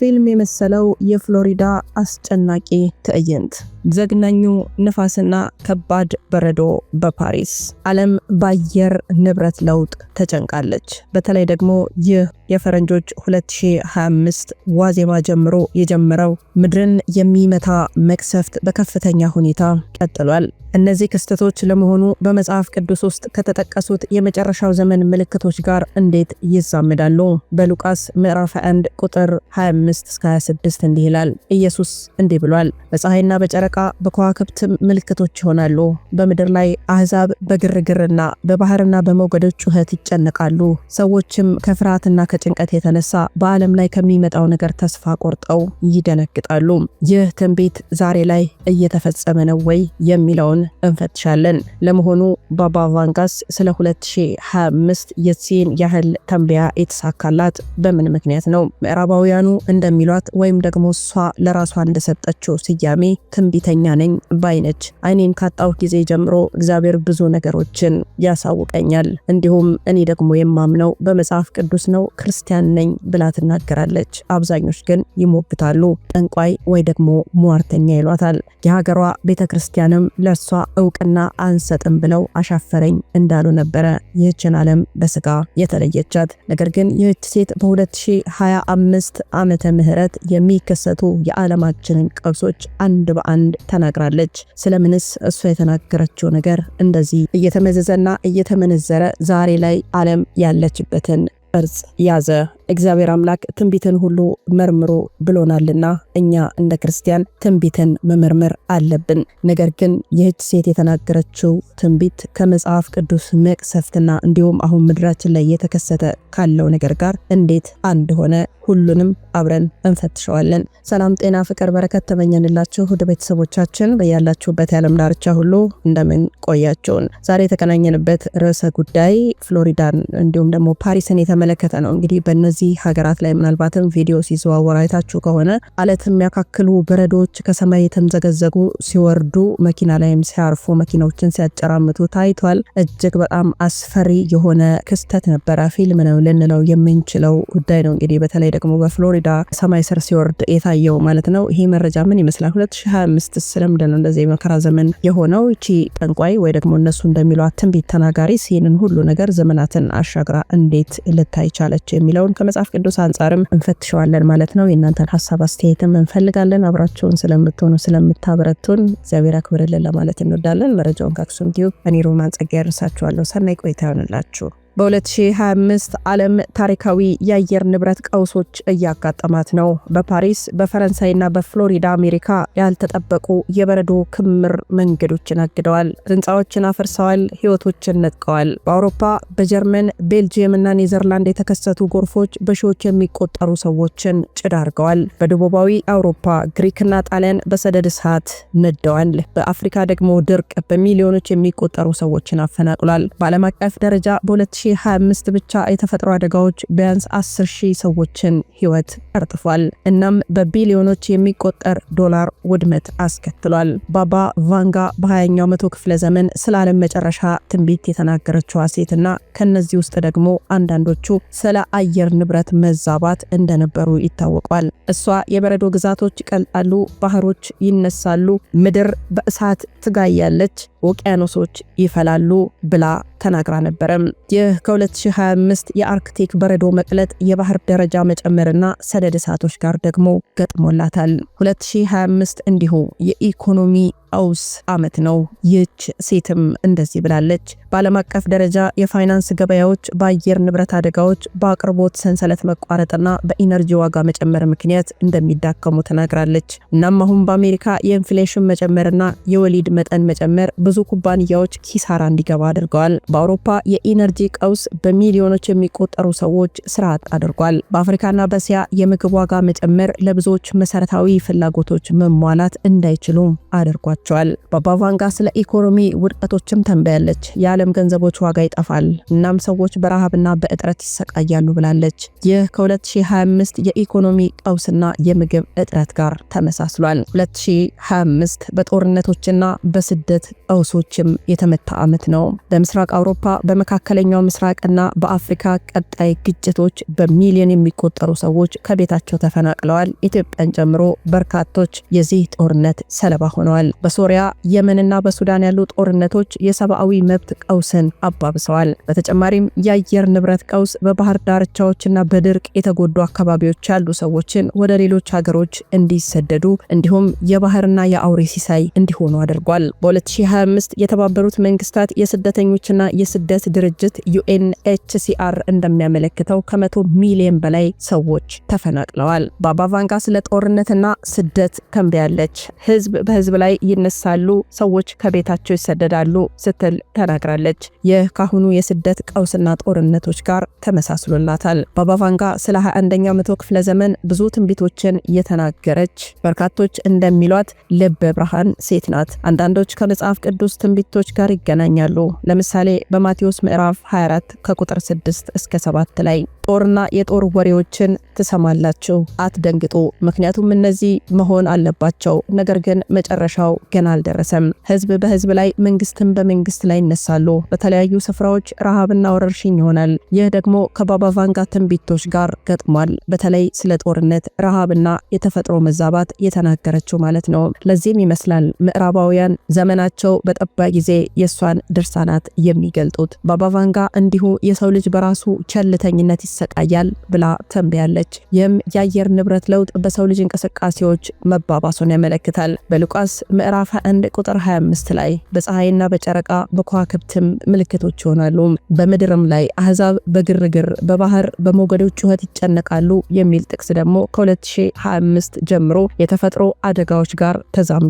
ፊልም የመሰለው የፍሎሪዳ አስጨናቂ ትዕይንት ዘግናኙ ንፋስና ከባድ በረዶ በፓሪስ ዓለም በአየር ንብረት ለውጥ ተጨንቃለች። በተለይ ደግሞ ይህ የፈረንጆች 2025 ዋዜማ ጀምሮ የጀመረው ምድርን የሚመታ መቅሰፍት በከፍተኛ ሁኔታ ቀጥሏል። እነዚህ ክስተቶች ለመሆኑ በመጽሐፍ ቅዱስ ውስጥ ከተጠቀሱት የመጨረሻው ዘመን ምልክቶች ጋር እንዴት ይዛመዳሉ? በሉቃስ ምዕራፍ 1 ቁጥር 25-26 እንዲህ ይላል። ኢየሱስ እንዲህ ብሏል፣ በፀሐይና በጨረ ጨረቃ በከዋክብት ምልክቶች ይሆናሉ። በምድር ላይ አህዛብ በግርግርና በባህርና በሞገዶች ጩኸት ይጨነቃሉ። ሰዎችም ከፍርሃትና ከጭንቀት የተነሳ በዓለም ላይ ከሚመጣው ነገር ተስፋ ቆርጠው ይደነግጣሉ። ይህ ትንቢት ዛሬ ላይ እየተፈጸመ ነው ወይ የሚለውን እንፈትሻለን። ለመሆኑ ባባ ቫንጋስ ስለ 2025 የሲን ያህል ተንበያ የተሳካላት በምን ምክንያት ነው? ምዕራባውያኑ እንደሚሏት ወይም ደግሞ እሷ ለራሷ እንደሰጠችው ስያሜ ትንቢት ትዕቢተኛ ነኝ ባይነች። አይኔን ካጣሁ ጊዜ ጀምሮ እግዚአብሔር ብዙ ነገሮችን ያሳውቀኛል። እንዲሁም እኔ ደግሞ የማምነው በመጽሐፍ ቅዱስ ነው፣ ክርስቲያን ነኝ ብላ ትናገራለች። አብዛኞች ግን ይሞግታሉ፣ ጠንቋይ ወይ ደግሞ ሟርተኛ ይሏታል። የሀገሯ ቤተ ክርስቲያንም ለእሷ እውቅና አንሰጥም ብለው አሻፈረኝ እንዳሉ ነበረ ይህችን ዓለም በስጋ የተለየቻት። ነገር ግን ይህች ሴት በ2025 ዓመተ ምህረት የሚከሰቱ የዓለማችንን ቀውሶች አንድ በአንድ ዘንድ ተናግራለች። ስለምንስ እሷ የተናገረችው ነገር እንደዚህ እየተመዘዘና እየተመነዘረ ዛሬ ላይ ዓለም ያለችበትን ቅርጽ ያዘ። እግዚአብሔር አምላክ ትንቢትን ሁሉ መርምሮ ብሎናልና እኛ እንደ ክርስቲያን ትንቢትን መመርመር አለብን። ነገር ግን ይህች ሴት የተናገረችው ትንቢት ከመጽሐፍ ቅዱስ መቅሰፍትና እንዲሁም አሁን ምድራችን ላይ የተከሰተ ካለው ነገር ጋር እንዴት አንድ ሆነ? ሁሉንም አብረን እንፈትሸዋለን። ሰላም፣ ጤና፣ ፍቅር፣ በረከት ተመኘንላችሁ ወደ ቤተሰቦቻችን በያላችሁበት የዓለም ዳርቻ ሁሉ እንደምን ቆያችሁን። ዛሬ የተገናኘንበት ርዕሰ ጉዳይ ፍሎሪዳን እንዲሁም ደግሞ ፓሪስን የተመለከተ ነው። እንግዲህ በነዚህ እነዚህ ሀገራት ላይ ምናልባትም ቪዲዮ ሲዘዋወር አይታችሁ ከሆነ አለት የሚያካክሉ በረዶዎች ከሰማይ የተምዘገዘጉ ሲወርዱ መኪና ላይም ሲያርፉ መኪናዎችን ሲያጨራምቱ ታይቷል። እጅግ በጣም አስፈሪ የሆነ ክስተት ነበረ። ፊልም ነው ልንለው የምንችለው ጉዳይ ነው። እንግዲህ በተለይ ደግሞ በፍሎሪዳ ሰማይ ስር ሲወርድ የታየው ማለት ነው። ይሄ መረጃ ምን ይመስላል? 2025 ስለምንድነው እንደዚህ የመከራ ዘመን የሆነው? ይቺ ጠንቋይ ወይ ደግሞ እነሱ እንደሚሏት ትንቢት ተናጋሪ ይህንን ሁሉ ነገር ዘመናትን አሻግራ እንዴት ልታይ ቻለች የሚለውን ከመጽሐፍ ቅዱስ አንጻርም እንፈትሸዋለን ማለት ነው። የእናንተን ሀሳብ አስተያየትም እንፈልጋለን። አብራችሁን ስለምትሆኑ ስለምታበረቱን እግዚአብሔር አክብርልን ለማለት እንወዳለን። መረጃውን ከአክሱም ቲዩብ እኔ ሮማን ጸጋ ያደርሳችኋለሁ። ሰናይ ቆይታ ይሆንላችሁ። በ2025 ዓለም ታሪካዊ የአየር ንብረት ቀውሶች እያጋጠማት ነው። በፓሪስ በፈረንሳይና በፍሎሪዳ አሜሪካ ያልተጠበቁ የበረዶ ክምር መንገዶችን አግደዋል፣ ህንፃዎችን አፍርሰዋል፣ ህይወቶችን ነጥቀዋል። በአውሮፓ በጀርመን ቤልጅየም እና ኔዘርላንድ የተከሰቱ ጎርፎች በሺዎች የሚቆጠሩ ሰዎችን ጭድ አድርገዋል። በደቡባዊ አውሮፓ ግሪክና ጣሊያን በሰደድ እሳት ነደዋል። በአፍሪካ ደግሞ ድርቅ በሚሊዮኖች የሚቆጠሩ ሰዎችን አፈናቅሏል። በዓለም አቀፍ ደረጃ በ20 2025 ብቻ የተፈጥሮ አደጋዎች ቢያንስ 10 ሺህ ሰዎችን ህይወት ቀርጥፏል። እናም በቢሊዮኖች የሚቆጠር ዶላር ውድመት አስከትሏል። ባባ ቫንጋ በ20ኛው መቶ ክፍለ ዘመን ስለ ዓለም መጨረሻ ትንቢት የተናገረችዋ ሴትና ከነዚህ ውስጥ ደግሞ አንዳንዶቹ ስለ አየር ንብረት መዛባት እንደነበሩ ይታወቋል። እሷ የበረዶ ግዛቶች ይቀልጣሉ፣ ባህሮች ይነሳሉ፣ ምድር በእሳት ትጋያለች፣ ውቅያኖሶች ይፈላሉ ብላ ተናግራ ነበረም። ይህ ከ2025 የአርክቲክ በረዶ መቅለጥ፣ የባህር ደረጃ መጨመርና ሰደድ እሳቶች ጋር ደግሞ ገጥሞላታል። 2025 እንዲሁ የኢኮኖሚ አውስ አመት ነው። ይች ሴትም እንደዚህ ብላለች። በዓለም አቀፍ ደረጃ የፋይናንስ ገበያዎች በአየር ንብረት አደጋዎች፣ በአቅርቦት ሰንሰለት መቋረጥና በኢነርጂ ዋጋ መጨመር ምክንያት እንደሚዳከሙ ተናግራለች። እናም አሁን በአሜሪካ የኢንፍሌሽን መጨመርና የወሊድ መጠን መጨመር ብዙ ኩባንያዎች ኪሳራ እንዲገባ አድርገዋል። በአውሮፓ የኢነርጂ ቀውስ በሚሊዮኖች የሚቆጠሩ ሰዎች ስራ አጥ አድርጓል። በአፍሪካና በእስያ የምግብ ዋጋ መጨመር ለብዙዎች መሰረታዊ ፍላጎቶች መሟላት እንዳይችሉም አድርጓቸዋል። በባቫንጋ ስለ ኢኮኖሚ ውድቀቶችም ተንበያለች። የዓለም ገንዘቦች ዋጋ ይጠፋል፣ እናም ሰዎች በረሃብና በእጥረት ይሰቃያሉ ብላለች። ይህ ከ2025 የኢኮኖሚ ቀውስና የምግብ እጥረት ጋር ተመሳስሏል። 2025 በጦርነቶችና በስደት ቀውሶችም የተመታ ዓመት ነው። በምስራቅ በአውሮፓ በመካከለኛው ምስራቅና በአፍሪካ ቀጣይ ግጭቶች በሚሊዮን የሚቆጠሩ ሰዎች ከቤታቸው ተፈናቅለዋል። ኢትዮጵያን ጨምሮ በርካቶች የዚህ ጦርነት ሰለባ ሆነዋል። በሶሪያ የመንና በሱዳን ያሉ ጦርነቶች የሰብአዊ መብት ቀውስን አባብሰዋል። በተጨማሪም የአየር ንብረት ቀውስ በባህር ዳርቻዎችና በድርቅ የተጎዱ አካባቢዎች ያሉ ሰዎችን ወደ ሌሎች ሀገሮች እንዲሰደዱ እንዲሁም የባህርና የአውሬ ሲሳይ እንዲሆኑ አድርጓል። በ2025 የተባበሩት መንግስታት የስደተኞችና የስደት ድርጅት ዩኤንኤችሲአር እንደሚያመለክተው ከመቶ ሚሊዮን በላይ ሰዎች ተፈናቅለዋል። ባባ ቫንጋ ስለ ጦርነትና ስደት ከንብያለች። ህዝብ በህዝብ ላይ ይነሳሉ፣ ሰዎች ከቤታቸው ይሰደዳሉ ስትል ተናግራለች። ይህ ካሁኑ የስደት ቀውስና ጦርነቶች ጋር ተመሳስሎላታል። ባባ ቫንጋ ስለ 21ኛው መቶ ክፍለ ዘመን ብዙ ትንቢቶችን የተናገረች በርካቶች እንደሚሏት ልበ ብርሃን ሴት ናት። አንዳንዶች ከመጽሐፍ ቅዱስ ትንቢቶች ጋር ይገናኛሉ። ለምሳሌ በማቴዎስ ምዕራፍ 24 ከቁጥር 6 እስከ 7 ላይ ጦርና የጦር ወሬዎችን ትሰማላችሁ። አትደንግጡ፣ ምክንያቱም እነዚህ መሆን አለባቸው። ነገር ግን መጨረሻው ገና አልደረሰም። ህዝብ በህዝብ ላይ፣ መንግስትን በመንግስት ላይ ይነሳሉ። በተለያዩ ስፍራዎች ረሃብና ወረርሽኝ ይሆናል። ይህ ደግሞ ከባባ ቫንጋ ትንቢቶች ጋር ገጥሟል። በተለይ ስለ ጦርነት፣ ረሃብና የተፈጥሮ መዛባት የተናገረችው ማለት ነው። ለዚህም ይመስላል ምዕራባውያን ዘመናቸው በጠባ ጊዜ የእሷን ድርሳናት የሚገልጡት። ባባ ቫንጋ እንዲሁ የሰው ልጅ በራሱ ቸልተኝነት ይሰቃያል ብላ ተንብያለች። ይህም የአየር ንብረት ለውጥ በሰው ልጅ እንቅስቃሴዎች መባባሱን ያመለክታል። በሉቃስ ምዕራፍ 1 ቁጥር 25 ላይ በፀሐይና በጨረቃ በከዋክብትም ምልክቶች ይሆናሉ፣ በምድርም ላይ አህዛብ በግርግር በባህር በሞገዶች ጩኸት ይጨነቃሉ የሚል ጥቅስ ደግሞ ከ2025 ጀምሮ የተፈጥሮ አደጋዎች ጋር ተዛምዷል።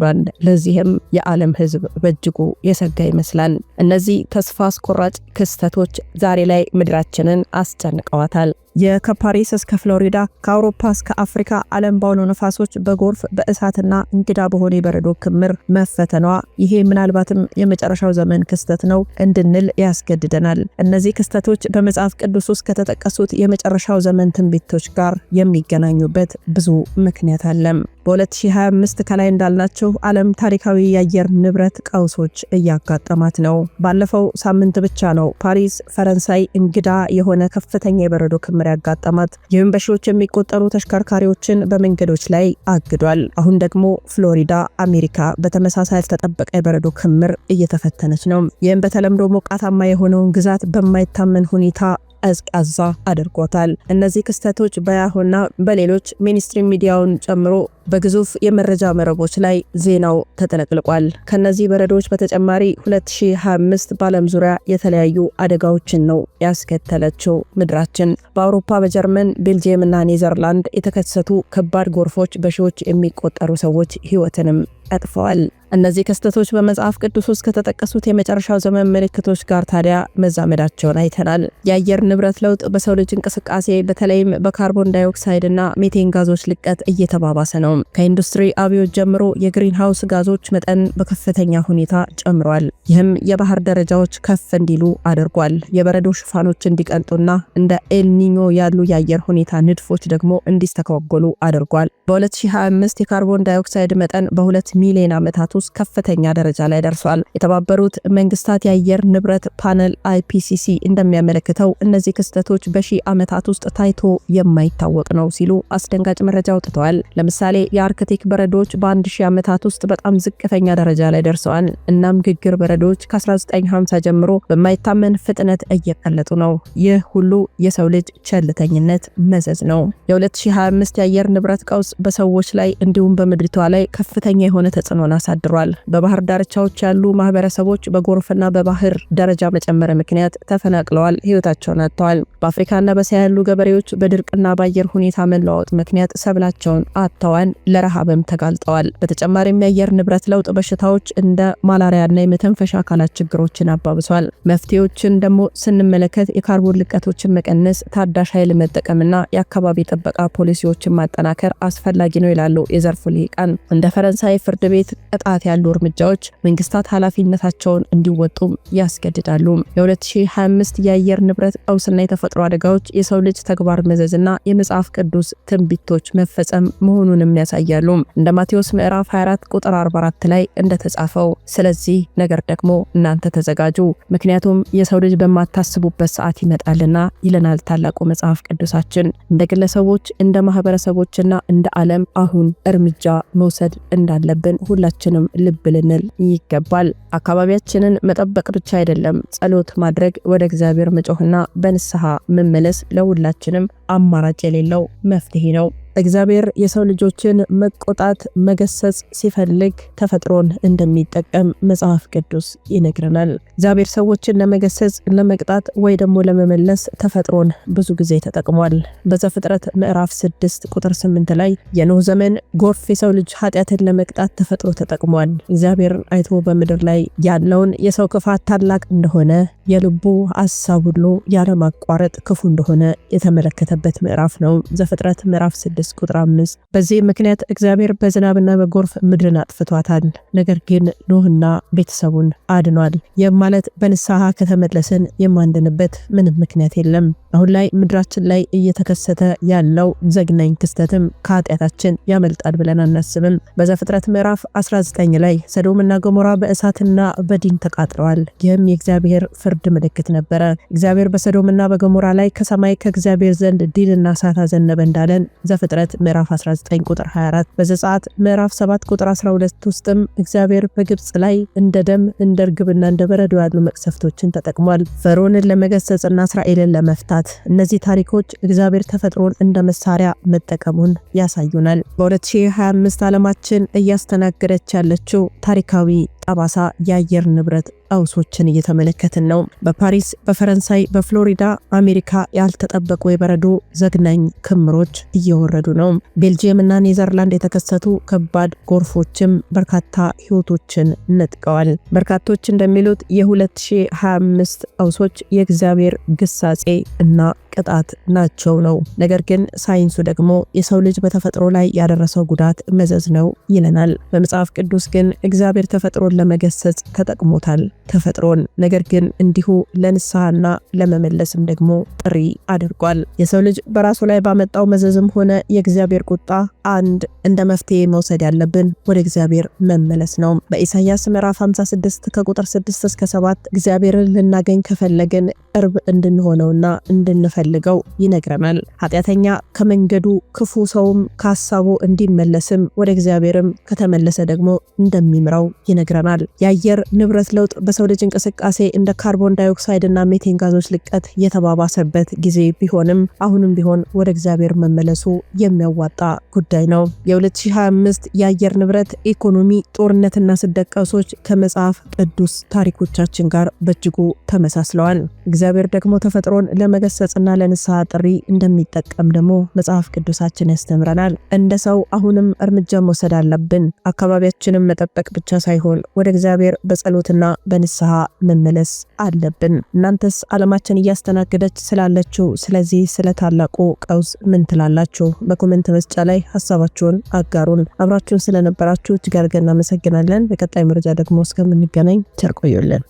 ለዚህም የዓለም ሕዝብ በእጅጉ የሰጋ ይመስላል። እነዚህ ተስፋ አስቆራጭ ክስተቶች ዛሬ ላይ ምድራችንን አስጨንቀዋል። ይገኙበታል። ከፓሪስ እስከ ፍሎሪዳ ከአውሮፓ እስከ አፍሪካ ዓለም ባውሎ ነፋሶች በጎርፍ በእሳትና እንግዳ በሆነ የበረዶ ክምር መፈተኗ ይሄ ምናልባትም የመጨረሻው ዘመን ክስተት ነው እንድንል ያስገድደናል። እነዚህ ክስተቶች በመጽሐፍ ቅዱስ ውስጥ ከተጠቀሱት የመጨረሻው ዘመን ትንቢቶች ጋር የሚገናኙበት ብዙ ምክንያት አለም። በ2025 ከላይ እንዳልናቸው ዓለም ታሪካዊ የአየር ንብረት ቀውሶች እያጋጠማት ነው። ባለፈው ሳምንት ብቻ ነው ፓሪስ ፈረንሳይ እንግዳ የሆነ ከፍተኛ የበረዶ ክምር ያጋጠማት። ይህም በሺዎች የሚቆጠሩ ተሽከርካሪዎችን በመንገዶች ላይ አግዷል። አሁን ደግሞ ፍሎሪዳ አሜሪካ በተመሳሳይ ያልተጠበቀ የበረዶ ክምር እየተፈተነች ነው። ይህም በተለምዶ ሞቃታማ የሆነውን ግዛት በማይታመን ሁኔታ ቀዝቃዛ አድርጎታል። እነዚህ ክስተቶች በያሁና በሌሎች ሚኒስትሪ ሚዲያውን ጨምሮ በግዙፍ የመረጃ መረቦች ላይ ዜናው ተጠለቅልቋል። ከነዚህ በረዶዎች በተጨማሪ 2025 በዓለም ዙሪያ የተለያዩ አደጋዎችን ነው ያስከተለችው ምድራችን። በአውሮፓ በጀርመን ቤልጅየም እና ኔዘርላንድ የተከሰቱ ከባድ ጎርፎች በሺዎች የሚቆጠሩ ሰዎች ህይወትንም ቀጥፈዋል። እነዚህ ክስተቶች በመጽሐፍ ቅዱስ ውስጥ ከተጠቀሱት የመጨረሻው ዘመን ምልክቶች ጋር ታዲያ መዛመዳቸውን አይተናል። የአየር ንብረት ለውጥ በሰው ልጅ እንቅስቃሴ በተለይም በካርቦን ዳይኦክሳይድ እና ሜቴን ጋዞች ልቀት እየተባባሰ ነው። ከኢንዱስትሪ አብዮት ጀምሮ የግሪን ሃውስ ጋዞች መጠን በከፍተኛ ሁኔታ ጨምሯል። ይህም የባህር ደረጃዎች ከፍ እንዲሉ አድርጓል። የበረዶ ሽፋኖች እንዲቀልጡና እንደ ኤልኒኞ ያሉ የአየር ሁኔታ ንድፎች ደግሞ እንዲስተጓጎሉ አድርጓል። በ2025 የካርቦን ዳይኦክሳይድ መጠን በሁለት ሚሊዮን ዓመታት ውስጥ ከፍተኛ ደረጃ ላይ ደርሷል። የተባበሩት መንግስታት የአየር ንብረት ፓነል አይፒሲሲ እንደሚያመለክተው እነዚህ ክስተቶች በሺህ ዓመታት ውስጥ ታይቶ የማይታወቅ ነው ሲሉ አስደንጋጭ መረጃ አውጥተዋል። ለምሳሌ የአርክቲክ በረዶች በአንድ ሺህ ዓመታት ውስጥ በጣም ዝቅተኛ ደረጃ ላይ ደርሰዋል። እናም ግግር በረዶች ከ1950 ጀምሮ በማይታመን ፍጥነት እየቀለጡ ነው። ይህ ሁሉ የሰው ልጅ ቸልተኝነት መዘዝ ነው። የ2025 የአየር ንብረት ቀውስ በሰዎች ላይ እንዲሁም በምድሪቷ ላይ ከፍተኛ የሆነ ተጽዕኖን አሳድሯል። በባህር ዳርቻዎች ያሉ ማህበረሰቦች በጎርፍና በባህር ደረጃ መጨመር ምክንያት ተፈናቅለዋል፣ ህይወታቸውን አጥተዋል። በአፍሪካና በእስያ ያሉ ገበሬዎች በድርቅና በአየር ሁኔታ መለዋወጥ ምክንያት ሰብላቸውን አጥተዋል፣ ለረሃብም ተጋልጠዋል። በተጨማሪም የአየር ንብረት ለውጥ በሽታዎች እንደ ማላሪያና የመተንፈሻ አካላት ችግሮችን አባብሷል። መፍትሄዎችን ደግሞ ስንመለከት የካርቦን ልቀቶችን መቀነስ፣ ታዳሽ ኃይል መጠቀምና የአካባቢ ጥበቃ ፖሊሲዎችን ማጠናከር አስፈ አስፈላጊ ነው ይላሉ የዘርፉ ሊቃን። እንደ ፈረንሳይ ፍርድ ቤት ቅጣት ያሉ እርምጃዎች መንግስታት ኃላፊነታቸውን እንዲወጡም ያስገድዳሉ። የ2025 የአየር ንብረት ቀውስና የተፈጥሮ አደጋዎች የሰው ልጅ ተግባር መዘዝና የመጽሐፍ ቅዱስ ትንቢቶች መፈጸም መሆኑንም ያሳያሉ። እንደ ማቴዎስ ምዕራፍ 24 ቁጥር 44 ላይ እንደተጻፈው ስለዚህ ነገር ደግሞ እናንተ ተዘጋጁ፣ ምክንያቱም የሰው ልጅ በማታስቡበት ሰዓት ይመጣልና ይለናል ታላቁ መጽሐፍ ቅዱሳችን። እንደ ግለሰቦች እንደ ማህበረሰቦችና እንደ ዓለም አሁን እርምጃ መውሰድ እንዳለብን ሁላችንም ልብ ልንል ይገባል። አካባቢያችንን መጠበቅ ብቻ አይደለም፣ ጸሎት ማድረግ፣ ወደ እግዚአብሔር መጮህና በንስሐ መመለስ ለሁላችንም አማራጭ የሌለው መፍትሄ ነው። እግዚአብሔር የሰው ልጆችን መቆጣት መገሰጽ ሲፈልግ ተፈጥሮን እንደሚጠቀም መጽሐፍ ቅዱስ ይነግረናል። እግዚአብሔር ሰዎችን ለመገሰጽ ለመቅጣት፣ ወይ ደግሞ ለመመለስ ተፈጥሮን ብዙ ጊዜ ተጠቅሟል። በዘፍጥረት ምዕራፍ 6 ቁጥር 8 ላይ የኖህ ዘመን ጎርፍ የሰው ልጅ ኃጢአትን ለመቅጣት ተፈጥሮ ተጠቅሟል። እግዚአብሔር አይቶ በምድር ላይ ያለውን የሰው ክፋት ታላቅ እንደሆነ የልቡ ሀሳብ ሁሉ ያለማቋረጥ ክፉ እንደሆነ የተመለከተበት ምዕራፍ ነው። ዘፍጥረት ምዕራፍ 6 ስድስት ቁጥር አምስት በዚህ ምክንያት እግዚአብሔር በዝናብና በጎርፍ ምድርን አጥፍቷታል፣ ነገር ግን ኖህና ቤተሰቡን አድኗል። ይህም ማለት በንስሐ ከተመለስን የማንድንበት ምንም ምክንያት የለም። አሁን ላይ ምድራችን ላይ እየተከሰተ ያለው ዘግናኝ ክስተትም ከኃጢአታችን ያመልጣል ብለን አናስብም። በዘፍጥረት ምዕራፍ 19 ላይ ሰዶምና ገሞራ በእሳትና በዲን ተቃጥለዋል። ይህም የእግዚአብሔር ፍርድ ምልክት ነበረ። እግዚአብሔር በሰዶምና በገሞራ ላይ ከሰማይ ከእግዚአብሔር ዘንድ ዲንና እሳት አዘነበ እንዳለን ዘፍ ዘፍጥረት ምዕራፍ 19 ቁጥር 24 በዘጸአት ምዕራፍ 7 ቁጥር 12 ውስጥም እግዚአብሔር በግብፅ ላይ እንደ ደም እንደ እርግብና እንደ በረዶ ያሉ መቅሰፍቶችን ተጠቅሟል። ፈርዖንን ለመገሰጽና እስራኤልን ለመፍታት እነዚህ ታሪኮች እግዚአብሔር ተፈጥሮን እንደ መሳሪያ መጠቀሙን ያሳዩናል። በ2025 ዓለማችን እያስተናገደች ያለችው ታሪካዊ ጠባሳ የአየር ንብረት ቀውሶችን እየተመለከትን ነው። በፓሪስ፣ በፈረንሳይ፣ በፍሎሪዳ አሜሪካ ያልተጠበቁ የበረዶ ዘግናኝ ክምሮች እየወረዱ ነው። ቤልጅየም እና ኔዘርላንድ የተከሰቱ ከባድ ጎርፎችም በርካታ ሕይወቶችን ነጥቀዋል። በርካቶች እንደሚሉት የ2025 ቀውሶች የእግዚአብሔር ግሳጼ እና ቅጣት ናቸው ነው። ነገር ግን ሳይንሱ ደግሞ የሰው ልጅ በተፈጥሮ ላይ ያደረሰው ጉዳት መዘዝ ነው ይለናል። በመጽሐፍ ቅዱስ ግን እግዚአብሔር ተፈጥሮን ለመገሰጽ ተጠቅሞታል ተፈጥሮን። ነገር ግን እንዲሁ ለንስሐና ለመመለስም ደግሞ ጥሪ አድርጓል። የሰው ልጅ በራሱ ላይ ባመጣው መዘዝም ሆነ የእግዚአብሔር ቁጣ አንድ እንደ መፍትሄ መውሰድ ያለብን ወደ እግዚአብሔር መመለስ ነው። በኢሳይያስ ምዕራፍ 56 ከቁጥር 6 እስከ 7 እግዚአብሔርን ልናገኝ ከፈለግን ቅርብ እንድንሆነውና እንድንፈ እንደሚፈልገው ይነግረናል። ኃጢአተኛ ከመንገዱ ክፉ ሰውም ከሀሳቡ እንዲመለስም ወደ እግዚአብሔርም ከተመለሰ ደግሞ እንደሚምራው ይነግረናል። የአየር ንብረት ለውጥ በሰው ልጅ እንቅስቃሴ እንደ ካርቦን ዳይኦክሳይድ እና ሜቴን ጋዞች ልቀት የተባባሰበት ጊዜ ቢሆንም አሁንም ቢሆን ወደ እግዚአብሔር መመለሱ የሚያዋጣ ጉዳይ ነው። የ2025 የአየር ንብረት ኢኮኖሚ፣ ጦርነትና ስደት ቀውሶች ከመጽሐፍ ቅዱስ ታሪኮቻችን ጋር በእጅጉ ተመሳስለዋል። እግዚአብሔር ደግሞ ተፈጥሮን ለመገሰጽና ለጸሎትና ለንስሐ ጥሪ እንደሚጠቀም ደግሞ መጽሐፍ ቅዱሳችን ያስተምረናል። እንደ ሰው አሁንም እርምጃ መውሰድ አለብን። አካባቢያችንን መጠበቅ ብቻ ሳይሆን ወደ እግዚአብሔር በጸሎትና በንስሐ መመለስ አለብን። እናንተስ ዓለማችን እያስተናገደች ስላለችው ስለዚህ ስለ ታላቁ ቀውስ ምን ትላላችሁ? በኮሜንት መስጫ ላይ ሀሳባችሁን አጋሩን። አብራችሁን ስለነበራችሁ እጅግ አድርገን እናመሰግናለን። በቀጣይ መረጃ ደግሞ እስከምንገናኝ ቸር ቆዩልን።